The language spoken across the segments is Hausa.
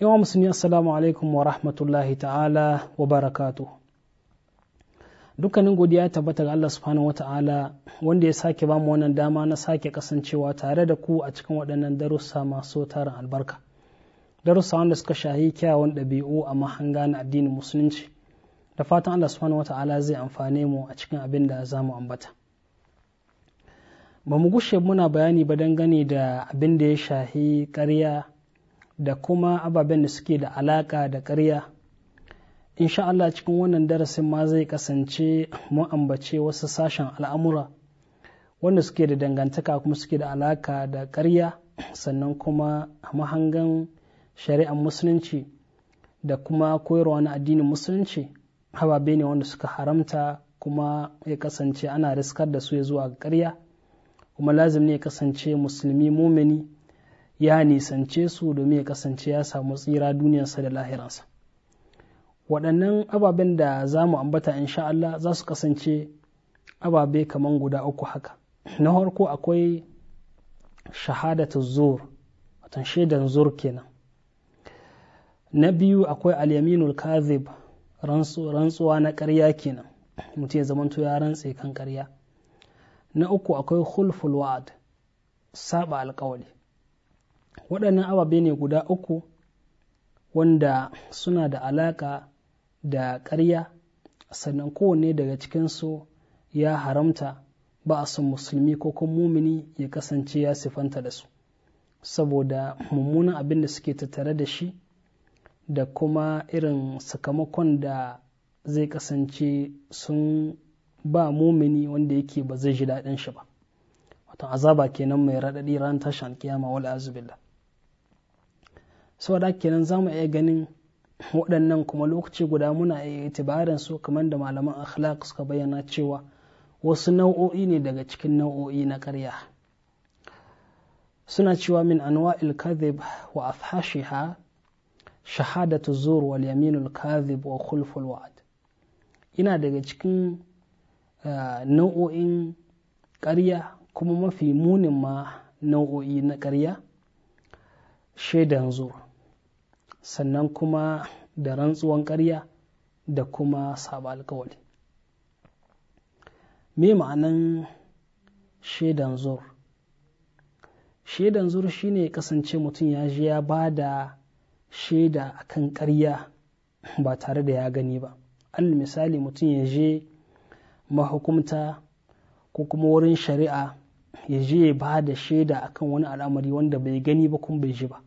yawa musulmi assalamu alaikum wa rahmatullahi ta'ala wa barakatu dukkanin godiya ya tabbata ga Allah subhanahu wa ta'ala wanda ya sake ba mu wannan dama na sake kasancewa tare da ku a cikin waɗannan darussa masu tarin albarka darussa wanda suka shahi kyawun ɗabi'u a mahanga na addinin musulunci da fatan Allah subhanahu wa ta'ala zai amfane mu a cikin abin da za mu ambata ba mu gushe muna bayani ba dangane da abin da ya shahi ƙarya da kuma ababen da suke da alaka da ƙarya insha Allah cikin wannan darasin ma zai kasance mun ambace wasu sashen al'amura wanda suke da dangantaka kuma suke da alaka da karya sannan kuma mahangan shari'ar musulunci da kuma koyarwa na addinin musulunci ababe ne wanda suka haramta kuma ya kasance ana riskar da su ya zuwa karya kuma lazim ne ya kasance musulmi mumini ya nisance su domin ya kasance ya samu tsira duniyarsa da lahiransa waɗannan ababen da za mu ambata insha Allah za su kasance ababe kaman guda uku haka na farko akwai shahadatu zur watan shaidan zur kenan na biyu akwai alyaminul kazib rantsuwa na karya kenan mutum ya zamanto ya rantse kan karya. na uku akwai khulful wa'ad saba alƙawari waɗannan ababe ne guda uku wanda suna da alaƙa da ƙarya sannan kowanne daga cikinsu ya haramta ba a son musulmi ko kuma mumini ya kasance ya sifanta da su saboda mummunan abin da suke tattare da shi da kuma irin sakamakon da zai kasance sun ba mumini wanda yake ba zai ji daɗin shi ba wata azaba kenan mai raɗaɗi ran tashan kiyama wal azubillah saboda kenan za mu iya ganin waɗannan kuma lokaci guda muna iya itibarin su kamar da malaman akhlaq suka bayyana cewa wasu nau'o'i ne daga cikin nau'o'i na ƙarya suna cewa min anwa'il kadhib wa afhashiha shahadatu zur wal yaminul kadhib wa khulful wa'd ina daga cikin eh, nau'o'in ƙarya kuma mafi munin ma nau'o'i na ƙarya shaidan zuwa sannan kuma da rantsuwan ƙarya da kuma saba alkawali me ma'anan shaidan zur shaidan zur shine ya kasance mutum ya je ya ba da shaida akan ƙarya ba tare da ya gani ba al misali mutum ya je mahukumta ko kuma wurin shari'a ya je ya ba da shaida akan wani al'amari wanda bai gani ba kuma bai ji ba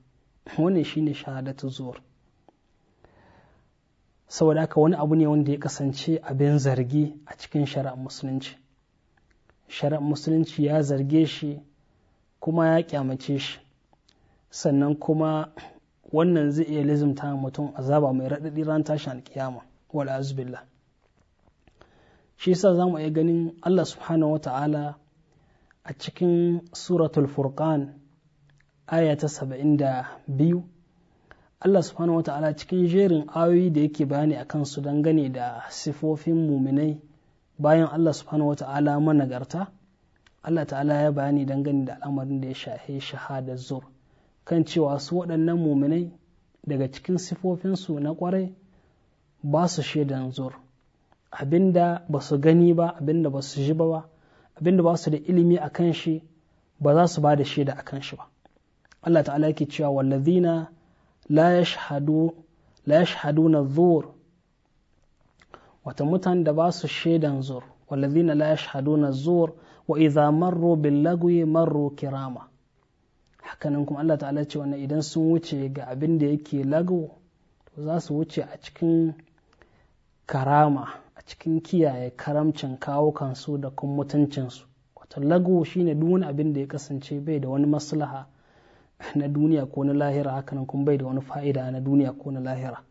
wannan shine shahadatu zuwar saboda haka wani abu ne wanda ya kasance abin zargi a cikin shari'ar musulunci shari'ar musulunci ya zarge shi kuma ya kyamace shi sannan kuma wannan zai iya lizimta mutum azaba mai raɗaɗi ran tashin alkiyama wala azubillah shi sa za mu iya ganin Allah subhanahu ta'ala, a cikin suratul furqan aya ta saba'in da biyu Allah subhanahu wa ta'ala cikin jerin ayoyi da yake bayani a kansu don dangane da sifofin muminai bayan Allah subhanahu wa ta'ala managarta Allah ta'ala ya bayani dangane da al'amarin da ya shahe shahada zur kan cewa su waɗannan muminai daga cikin sifofinsu na ƙwarai ba su shaidan zur abinda ba su gani ba abinda ba su ji ba abinda ba su da ilimi a kan shi ba za su ba da shaida a kan shi ba Allah ta'ala yake cewa wallazina la yashhadu la yashhaduna dhur wata mutan da ba su shaidan zur wallazina la yashhaduna zur wa idza marru bil lagwi marru kirama hakanan kuma Allah ta'ala ce wannan idan sun wuce ga abin da yake lagwo to za su wuce a cikin karama a cikin kiyaye karamcin kawo kansu da kuma mutuncinsu wato lagwo shine duk wani abin da ya kasance bai da wani maslaha na duniya ko na lahira hakanan kuma bai da wani fa'ida na duniya ko na lahira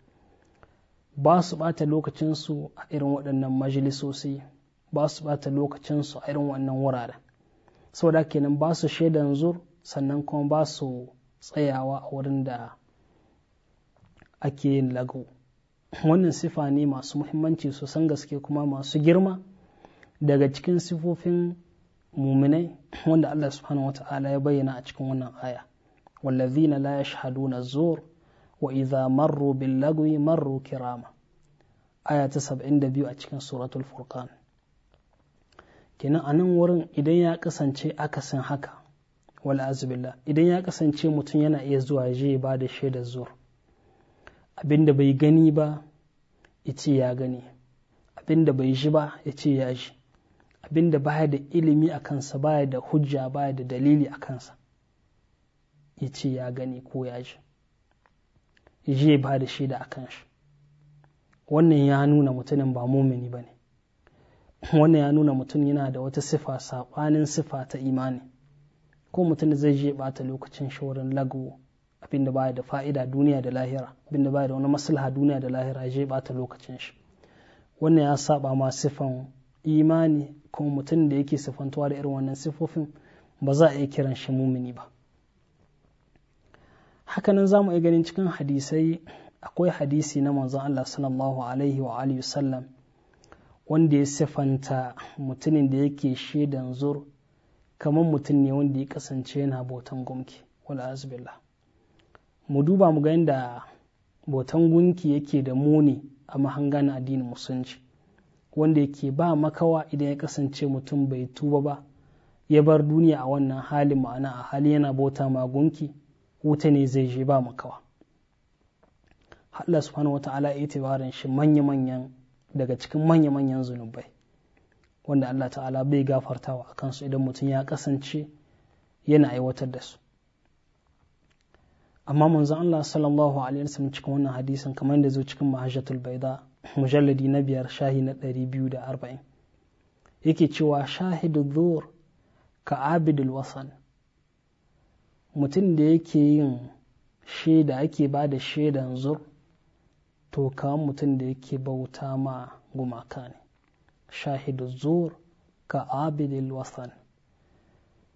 ba su ɓata lokacinsu a irin waɗannan majalisosi ba su ɓata lokacinsu a irin wannan wuraren saboda kenan ba su shaidan zur sannan kuma ba su tsayawa a wurin da ake yin lagu wannan sifa ne masu muhimmanci sosan gaske kuma masu girma daga cikin sifofin muminai wanda Allah subhanahu wata'ala ya bayyana a cikin wannan aya والذين la يشهدون الزور zur wa باللغو مروا كراما lagwi kirama aya ta 72 a cikin suratul furqan kenan a wurin idan ya kasance aka san haka wala azbillah idan ya kasance mutum yana iya zuwa je ba da shaidar zur abinda bai gani ba yace ya gani abinda bai ji ba ya ya ji abinda baya da ilimi a kansa baya da hujja baya da dalili a kansa ya ce ya gani ko ya ji ya ba da shaida a kan shi wannan ya nuna mutumin ba mumini ba ne wannan ya nuna mutum yana da wata sifa saɓanin sifa ta imani ko mutum zai je ɓata lokacin shawarar lagwo abinda baya da fa'ida duniya da lahira abinda baya da wani maslaha duniya da lahira je ɓata lokacin shi wannan ya saba ma sifan imani kuma mutum da yake sifantuwa da irin wannan sifofin ba za a iya kiran shi mumini ba hakanan za mu iya ganin cikin hadisai akwai hadisi na manzon Allah sallallahu alaihi wa alihi sallam wanda ya sifanta mutumin da yake shaidan zur kamar mutum ne wanda ya kasance yana botan gunki wala azbillah mu duba mu ga yadda botan gunki yake da muni a mahanga addinin musulunci wanda yake ba makawa idan ya kasance mutum bai tuba ba ya bar duniya a wannan hali ma'ana a hali yana bota ma gunki wuta ne zai je ba makawa Allah subhanahu wata'ala ya tibarin shi manya-manyan daga cikin manya-manyan zunubai wanda Allah ta'ala bai gafartawa a kansu idan mutum ya kasance yana aiwatar da su amma manzon Allah sallallahu alaihi wasallam cikin wannan hadisin kamar da zo cikin mahajjatul baida mujalladi na biyar shahi na 240 yake cewa shahidu dhur ka abidul wasan mutum da yake yin shaida ake ba da shaidan zur to kawan mutum da yake bauta ma gumaka ne shahidu zur ka abidil wasan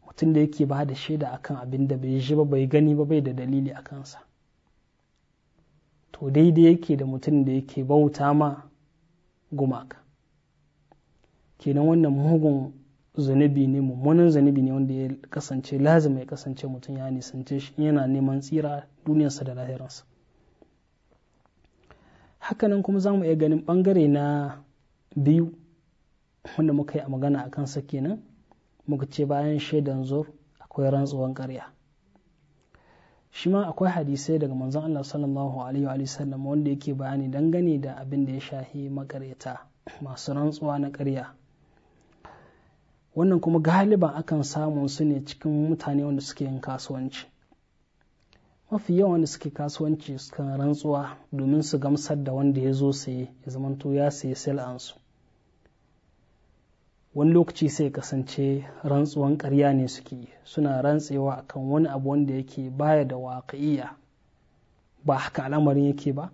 mutum da yake ba da shaida akan abin da bai ji ba bai gani ba bai da dalili a kansa to daidai yake da mutum da yake bauta ma gumaka kenan wannan mugun zunubi ne mummunan zunubi ne wanda ya kasance lazima ya kasance mutum ya nisance shi yana neman tsira duniyarsa da lahiransa hakanan kuma za mu iya ganin bangare na biyu wanda muka yi a magana a kansa kenan muka ce bayan shaidan zur akwai rantsuwan karya shi ma akwai hadisai daga manzon Allah sallallahu alaihi wa sallam wanda yake bayani dangane da abin da ya shahi makaryata masu rantsuwa na karya wannan kuma galiban akan samun su ne cikin mutane wanda suke yin kasuwanci mafi yawan da suke kasuwanci sukan rantsuwa domin su gamsar da wanda ya zo saye ya zamanto ya saye sil'ansu wani lokaci sai kasance rantsuwan ƙarya ne suke suna rantsewa akan wani abu wanda yake baya da waƙa'iya ba haka al'amarin yake ba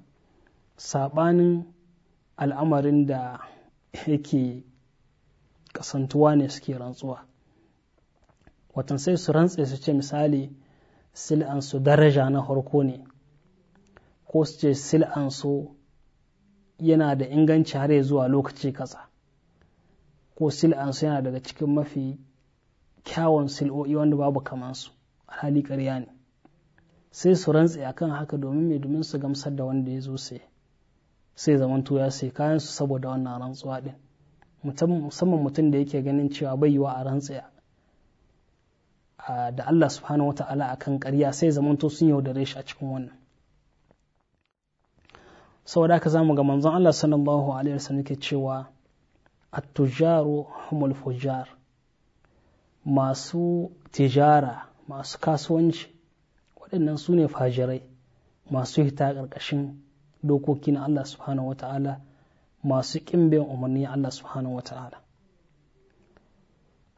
saɓanin al'amarin da yake kasantuwa ne suke rantsuwa watan sai su rantse su ce misali sil'ansu daraja na harko ne ko su ce sil'ansu yana da inganci har zuwa lokaci kasa ko sil'ansu yana daga cikin mafi kyawun sil'o'i wanda babu kamansu alhali karya ne sai su rantse kan haka domin mai domin su gamsar da wanda ya zo sai sai zamanto ya sai kayan su saboda wannan rantsuwa din musamman mutum da yake ganin cewa bai yiwa a rantsaya da Allah subhanahu wa ta'ala a kan ƙarya sai zamanto sun yaudare shi a cikin wannan saboda haka zamu ga manzon Allah sallallahu alaihi wasallam ke cewa at-tujaru humul fujar masu tijara masu kasuwanci waɗannan su ne fajirai masu hita ƙarƙashin dokoki na Allah subhanahu wa ta'ala masu ƙimbin umarni Allah subhanahu wa ta'ala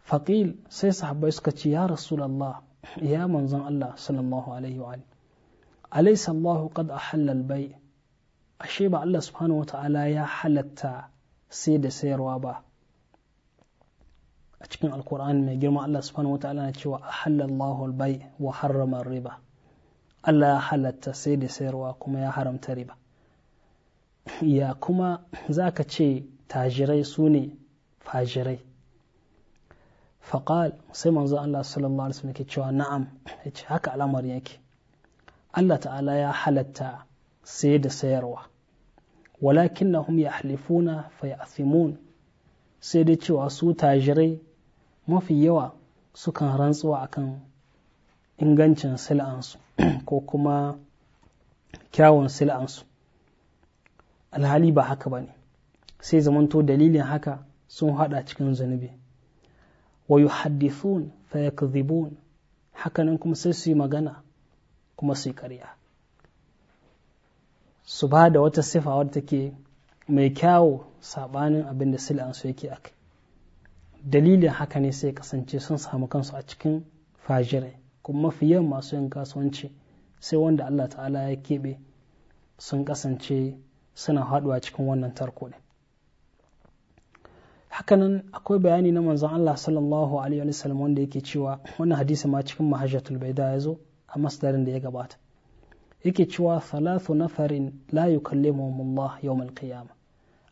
faƙil sai sahabbai suka ce ya rasulallah ya manzon Allah sallallahu alaihi wa alaysa Allahu qad a halal bai ashe ba Allah subhanahu wa ta'ala ya halatta sai da sayarwa ba a cikin alkur'ani mai girma Allah subhanahu wa ta'ala na cewa a Allahu al wa harrama riba Allah ya halatta sai da sayarwa kuma ya haramta riba ya kuma za ka ce tajirai su ne fajirai faƙal sai manzo Allah sallallahu alaihi wasallam ke cewa na'am ya ce haka al'amarin yake Allah ta'ala ya halatta sai da sayarwa na walakin hum ya yahlifuna fayathimun sai dai cewa su tajirai mafi yawa sukan rantsuwa akan ingancin sil'ansu ko kuma kyawun sil'ansu alhali ba haka ba ne sai zamanto dalilin haka sun hada cikin zunubi wa yi fa yakdhibun hakanan kuma sai su yi magana kuma su yi karya. su ba da wata sifa wadda take mai kyawo sabanin abin da sil'ansu yake a kai dalilin haka ne sai kasance sun samu kansu a cikin fajirai kuma mafi yawan masu yin kasuwanci sai wanda Allah ta'ala ya keɓe sun kasance suna haɗuwa cikin wannan tarko ne hakanan akwai bayani na manzon Allah sallallahu alaihi wa sallam wanda yake cewa wannan hadisi ma cikin mahajjatul baida ya zo a masdarin da ya gabata yake cewa thalathu nafarin la yukallimuhum Allah yawm al qiyama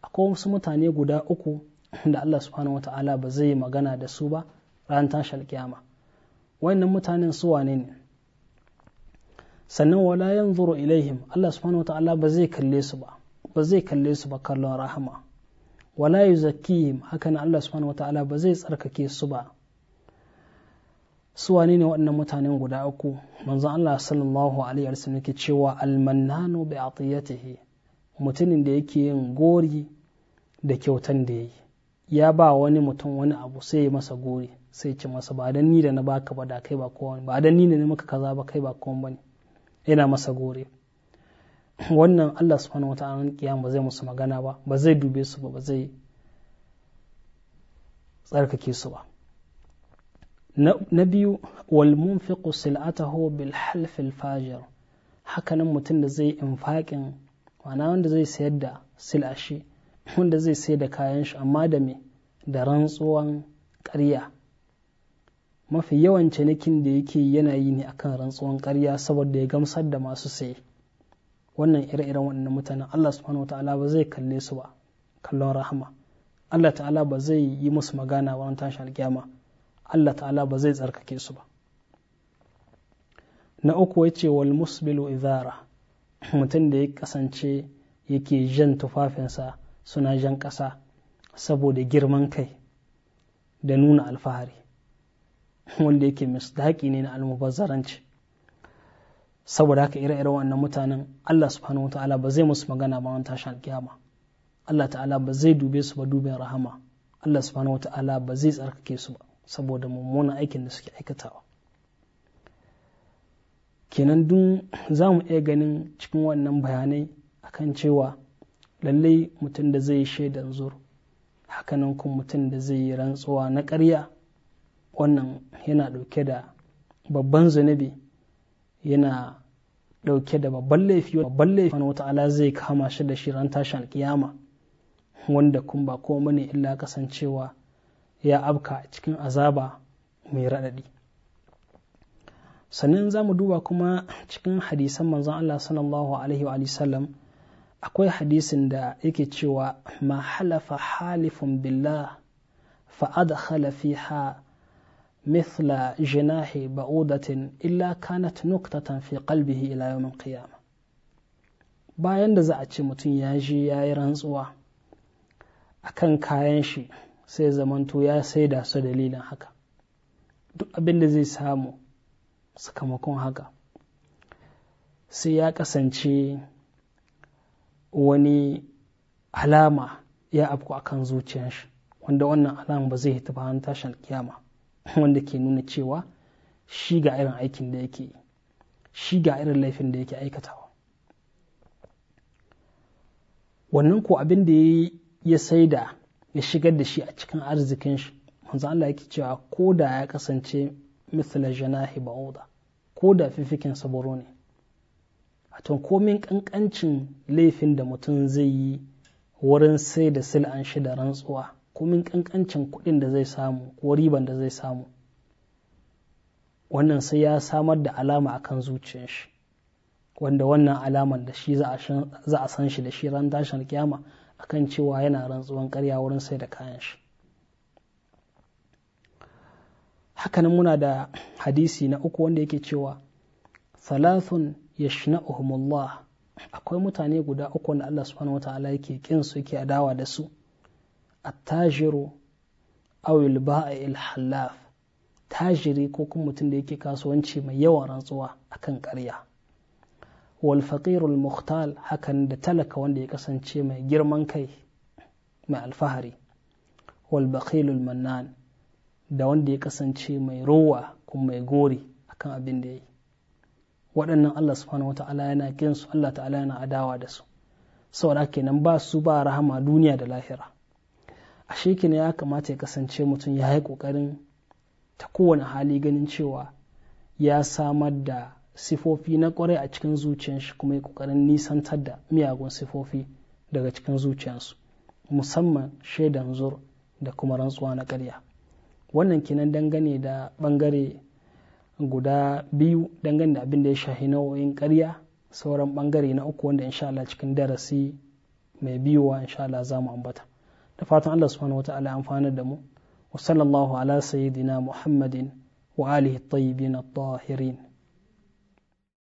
akwai wasu mutane guda uku da Allah subhanahu wata'ala ba zai magana da su ba ran tashi alkiyama wayannan mutanen su wane ne sannan wala yanzuru ilaihim Allah subhanahu wata'ala ba zai kalle su ba ba zai kalle su ba kallon rahama wala yu zakkihim hakan Allah subhanahu wataala ba zai tsarkake su ba su wane ne waɗannan mutanen guda uku manzon Allah sallallahu alaihi sallam yake cewa almannanu bi atiyatihi mutumin da yake yin gori da kyautan da yayi ya ba wani mutum wani abu sai ya masa gori sai ce masa ba dan ni da na baka ba da kai ba kowa ba dan ni ne maka kaza ba kai ba kowa bane yana masa gori wannan Allah subhanahu wata'ala kiyama zai musu magana ba ba zai dube su ba ba zai tsarkake su ba na biyu wal munfiqu sil'atahu bil halfil fajir hakanan mutum da zai infaƙin wana wanda zai sayar da sil'ashi wanda zai sayar da kayan shi amma da me da rantsuwan ƙarya mafi yawan cinikin da yake yana yi ne akan rantsuwan ƙarya saboda ya gamsar da masu saye wannan ire-iren waɗannan mutanen Allah subhanahu ta'ala ba zai kalle su ba kallon rahama Allah ta'ala ba zai yi musu magana wani tashin alkiyama Allah ta'ala ba zai tsarkake su ba na uku ya ce wal musbilu izara mutum da ya kasance yake jan tufafinsa suna jan ƙasa saboda girman kai da nuna alfahari wanda yake misdaƙi ne na almubazzaranci saboda haka ire-iren wannan mutanen Allah subhanahu wa ta'ala ba zai musu magana ba wani tashin alkiyama Allah ta'ala ba zai dube su ba duben rahama Allah subhanahu wa ta'ala ba zai tsarkake su ba saboda mummunan aikin da suke aikatawa kenan dun za mu iya ganin cikin wannan bayanai akan cewa lallai mutum da zai shaidan zur hakanan kuma mutum da zai yi rantsuwa na ƙarya wannan yana ɗauke da babban zunubi yana dauke da babban laifi babban laifi wani wata'ala zai kama shi da shi ran tashin wanda kun ba komai ne illa kasancewa ya abka cikin azaba mai raɗaɗi sannan za mu duba kuma cikin hadisan manzon Allah sallallahu alaihi wa sallam akwai hadisin da yake cewa ma halafa halifun billah fa adkhala fiha مثل جناح بعوضة إلا كانت نكتة في قلبه إلى يوم القيامة bayan da za a ce mutum ya ji ya yi rantsuwa a kan kayan shi sai zamanto ya saida su dalilin haka duk abin da zai samu sakamakon haka sai ya kasance wani alama ya afku akan zuciyar shi wanda wannan alama ba zai hita bayan tashin kiyama wanda ke nuna cewa shi ga irin aikin da yake shi ga irin laifin da yake aikatawa wannan ko abin da ya sai da ya shigar da shi a cikin arzikin shi manzo Allah yake cewa ko da ya kasance misla janahi ba'uda ko da fifikin saboro ne wato komin kankancin laifin da mutum zai yi wurin sai da sil'an shi da rantsuwa komin kankancin kuɗin da zai samu ko riban da zai samu wannan sai ya samar da alama akan zuciyar shi wanda wannan alaman da shi za a san shi da shi ran tashin kiyama akan cewa yana rantsuwan karya wurin sai da kayan shi hakanan muna da hadisi na uku wanda yake cewa thalathun yashna'uhumullah akwai mutane guda uku wanda Allah subhanahu wata'ala yake kinsu su yake adawa da su attajiru awil ba'i il hallaf tajiri ko kuma mutum da yake kasuwanci mai yawan rantsuwa akan ƙarya wal faqirul muhtal hakan da talaka wanda ya kasance mai girman kai mai alfahari wal baqilul mannan da wanda ya kasance mai rowa kuma mai gori akan abin da ya yi waɗannan Allah subhanahu wa ta'ala yana kinsu Allah ta'ala yana adawa da su saboda kenan ba su ba rahama duniya da lahira a ne ya kamata ya kasance mutum ya yi ƙoƙarin ta kowane hali ganin cewa ya samar da sifofi na ƙwarai a cikin zuciyar kuma ya ƙoƙarin nisantar da miyagun sifofi daga cikin zuciyarsu musamman shaidan zur da kuma rantsuwa na karya. wannan kinan dangane da ɓangare guda biyu dangane da abin da ya shahi nau'o'in karya sauran ɓangare na uku wanda insha Allah cikin darasi mai biyowa insha Allah za mu ambata da fatan Allah subhanahu wa ta'ala amfanar da mu wa sallallahu ala sayyidina muhammadin wa alihi tayyibin at-tahirin